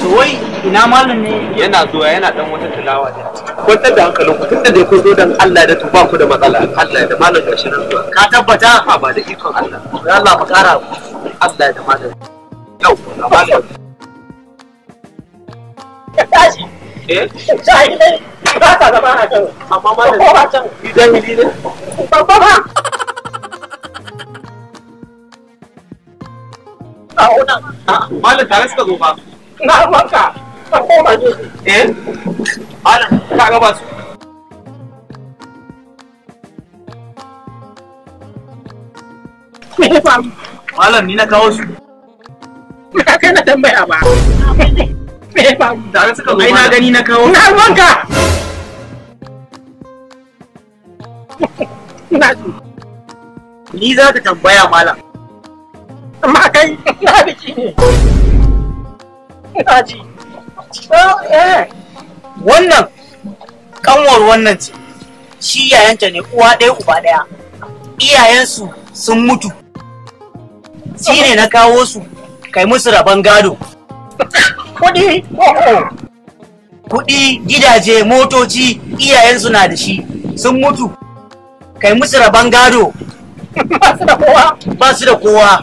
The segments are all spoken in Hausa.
to wai ina malam ne yana zuwa yana dan wata tilawa da kwantar da hankalin ku tunda dai kun zo dan Allah da tuba ku da matsala Allah da malam gashi shirin zuwa ka tabbata ha ba da ikon Allah ya Allah kara Allah da malam yau malam tashi eh ba ta zama a can amma malam ba can idan ne ba a ona ah, malam tare suka zo ba na maka ka koma gefe eh ala ka ga ba su me fa malam ni na kawo su ba kai na tambaya ba me fa da suka zo ai na gani na kawo na maka na ni za ka tambaya malam amma kai na biki ne Eh. wannan kanwar wannan ce shi yayanta ne uwa ɗaya uba ɗaya iyayensu sun mutu shi ne na kawo su kai musu rabon gado kuɗi gidaje motoci iyayensu na da shi sun mutu kai musu rabon gado ba su da kowa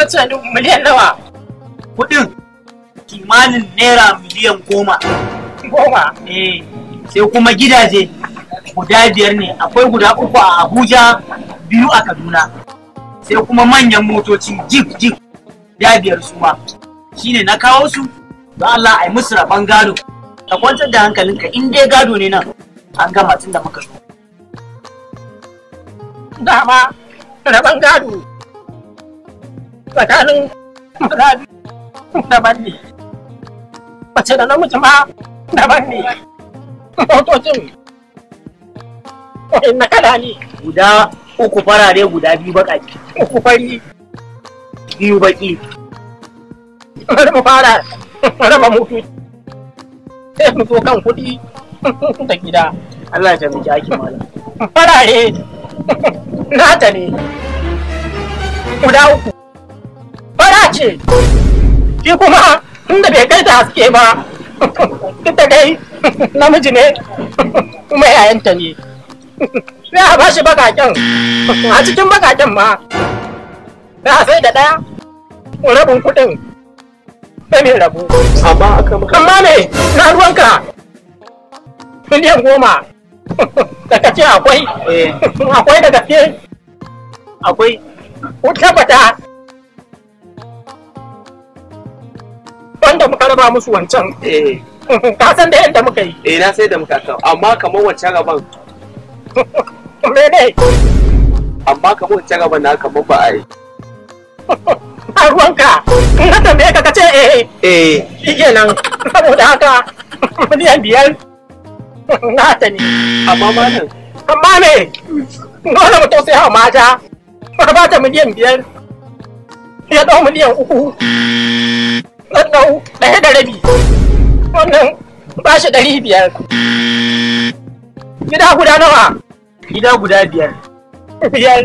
ka ce miliyan nawa kudin kimanin naira miliyan goma goma eh sai kuma gidaje guda biyar ne akwai guda uku a abuja biyu a kaduna sai kuma manyan motoci jeep jeep guda biyar su ma shine na kawo su don allah a yi musu rabon gado ka kwantar da hankalinka in dai gado ne nan an gama tun da muka zo dama rabon gado tsakanin maza daban ne mace da namiji ma daban ne motocin wani na kala ne guda uku farare guda biyu baƙaƙi uku fari biyu baƙi Wani mu fara raba mutu sai mu zo kan kuɗi da gida Allah ta miki ake malam farare nata ne guda uku ce shi kuma inda bai kai ta haske ba ita dai namiji ne kuma yayanta ne sai a bashi bakaken a cikin bakaken ma za a sai da ɗaya rabin kuɗin sai mai rabu amma ne na ruwanka miliyan goma daga ce akwai eh. akwai daga gaske akwai ku tabbata muka raba musu wancan eh. ka san da yadda muka yi eh na sai da muka kawo amma kamar wancan raban mene amma kamar wancan gaban na kamar ba a yi a ruwanka in ka tambaye ka ka ce eh eh shi kenan saboda haka miliyan biyar na ta ne amma nan amma me dole mu sai wa mata ka ba ta miliyan biyar ya ɗau miliyan uku wannan ɗaya da rabi wannan ba shi ɗari biyar gida guda nawa gida guda biyar biyar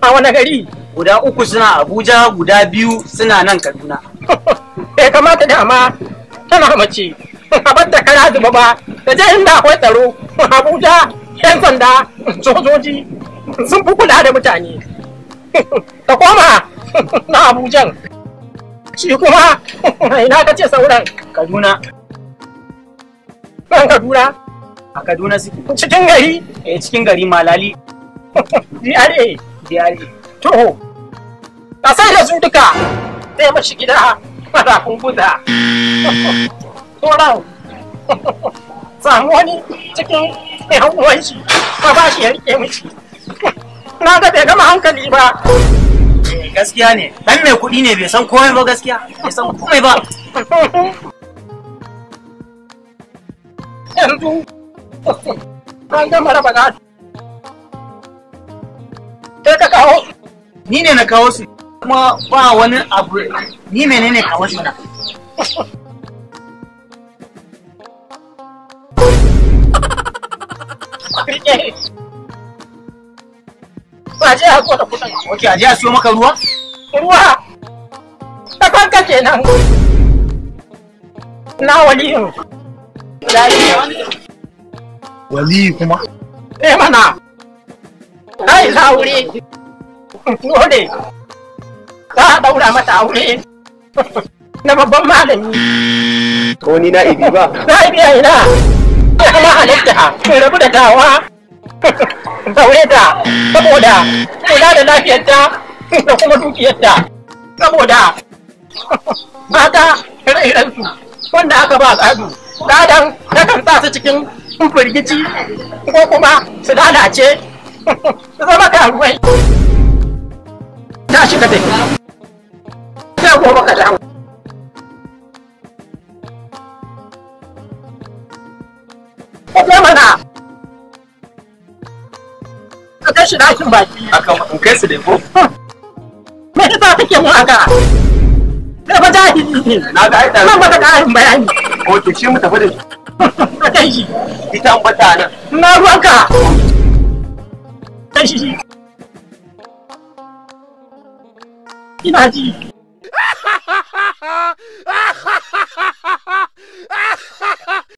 a wani gari guda uku suna abuja guda biyu suna nan kaduna bai kamata dama tana mace a batta kana zuba ba da je inda akwai tsaro abuja yan sanda sojoji sun fi kula da mutane ka koma na abujan Shi kuma ina ka ce sauran Kaduna. Ban Kaduna? A Kaduna suke. Cikin gari? Eh cikin gari Malali. DRA. DRA. To, a sai da su duka. Sai mashi gida fara kumbuta. Sauran. Samu wani cikin yan uwan shi, ka ba shi ya rike mishi. Na ga bai gama hankali ba. Eh, gaskiya ne dan mai kuɗi ne bai san komai ba gaskiya bai san komai ba yanzu an gama raba ka kawo ni ne na kawo su kuma ba wani abu ni menene kawo su na Yeah. a je a zo da kuɗin. Ok, a je a siyo maka ruwa? Ruwa. Ta kanka kenan. Na waliyin. Waliyi kuma? Eh mana. Na yi aure. Dole. Za a ɗaura mata aure. Na babban malami. Ko ni na ibi ba? Na ibi a ina. Ya kama halitta. Rabu da dawa. aure saboda kula da lafiyarta da kuma dukiyarta saboda mata ire wanda aka ba tsadu tsadan takan sa su cikin firgici ko kuma su lalace su zama karuwai ta shiga dai sai gobe ka dawo ko kai shi dakin baki akan in kai su dai ko me yasa kake mu aka da ba jahili ne na ga ai da ba ta karin bayani okay shi mu tafi da shi kai shi ita an bata nan na ruwanka kai shi ina ji